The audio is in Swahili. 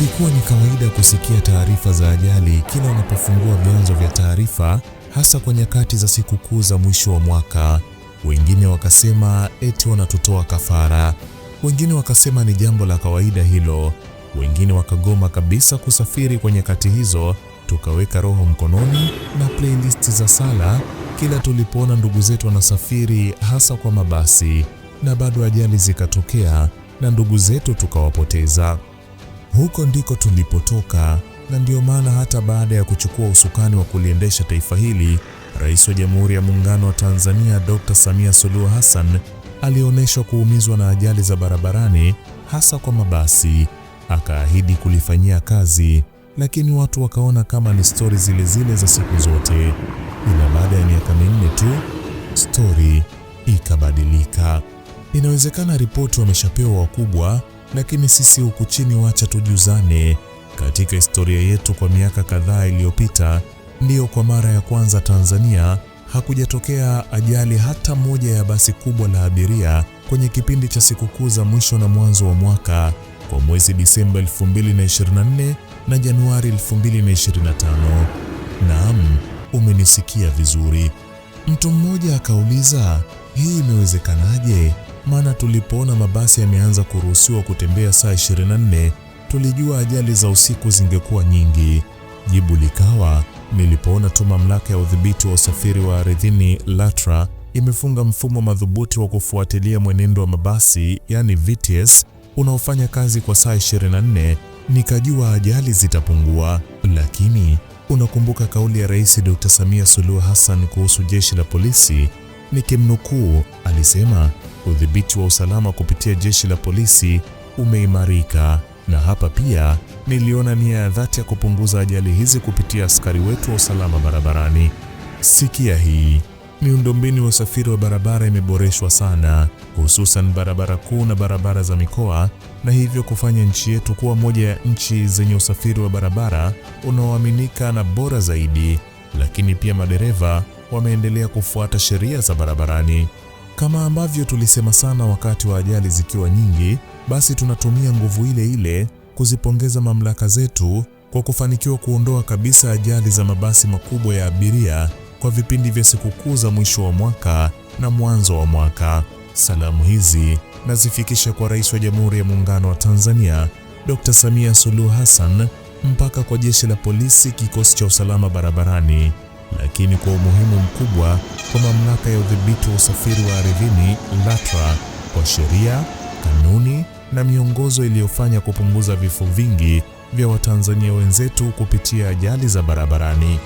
Ilikuwa ni kawaida kusikia taarifa za ajali kila wanapofungua vyanzo vya taarifa, hasa kwa nyakati za sikukuu za mwisho wa mwaka. Wengine wakasema eti wanatutoa kafara, wengine wakasema ni jambo la kawaida hilo, wengine wakagoma kabisa kusafiri kwa nyakati hizo. Tukaweka roho mkononi na playlist za sala kila tulipoona ndugu zetu wanasafiri, hasa kwa mabasi, na bado ajali zikatokea na ndugu zetu tukawapoteza. Huko ndiko tulipotoka, na ndio maana hata baada ya kuchukua usukani wa kuliendesha taifa hili, Rais wa Jamhuri ya Muungano wa Tanzania Dr. Samia Suluhu Hassan alionyeshwa kuumizwa na ajali za barabarani, hasa kwa mabasi, akaahidi kulifanyia kazi, lakini watu wakaona kama ni stori zile zile za siku zote. Ila baada ya miaka minne tu stori ikabadilika. Inawezekana ripoti wameshapewa wakubwa lakini sisi huku chini, wacha tujuzane. Katika historia yetu kwa miaka kadhaa iliyopita, ndiyo kwa mara ya kwanza Tanzania hakujatokea ajali hata moja ya basi kubwa la abiria kwenye kipindi cha sikukuu za mwisho na mwanzo wa mwaka kwa mwezi Disemba 2024 na Januari 2025. Naam, umenisikia vizuri. Mtu mmoja akauliza, hii imewezekanaje? maana tulipoona mabasi yameanza kuruhusiwa kutembea saa 24 tulijua ajali za usiku zingekuwa nyingi. Jibu likawa nilipoona tu mamlaka ya udhibiti wa usafiri wa ardhini LATRA imefunga mfumo madhubuti wa kufuatilia mwenendo wa mabasi yani VTS unaofanya kazi kwa saa 24, nikajua ajali zitapungua. Lakini unakumbuka kauli ya Rais Dr. Samia Suluhu Hassan kuhusu jeshi la polisi Nikimnukuu, alisema udhibiti wa usalama kupitia jeshi la polisi umeimarika, na hapa pia niliona nia ya dhati ya kupunguza ajali hizi kupitia askari wetu wa usalama barabarani. Sikia hii, miundombinu ya usafiri wa barabara imeboreshwa sana, hususan barabara kuu na barabara za mikoa, na hivyo kufanya nchi yetu kuwa moja ya nchi zenye usafiri wa barabara unaoaminika na bora zaidi. Lakini pia madereva wameendelea kufuata sheria za barabarani. Kama ambavyo tulisema sana wakati wa ajali zikiwa nyingi, basi tunatumia nguvu ile ile kuzipongeza mamlaka zetu kwa kufanikiwa kuondoa kabisa ajali za mabasi makubwa ya abiria kwa vipindi vya sikukuu za mwisho wa mwaka na mwanzo wa mwaka. Salamu hizi nazifikisha kwa Rais wa Jamhuri ya Muungano wa Tanzania Dr. Samia Suluhu Hassan mpaka kwa Jeshi la Polisi, kikosi cha usalama barabarani lakini kwa umuhimu mkubwa kwa mamlaka ya udhibiti wa usafiri wa ardhini LATRA kwa sheria, kanuni na miongozo iliyofanya kupunguza vifo vingi vya Watanzania wenzetu kupitia ajali za barabarani.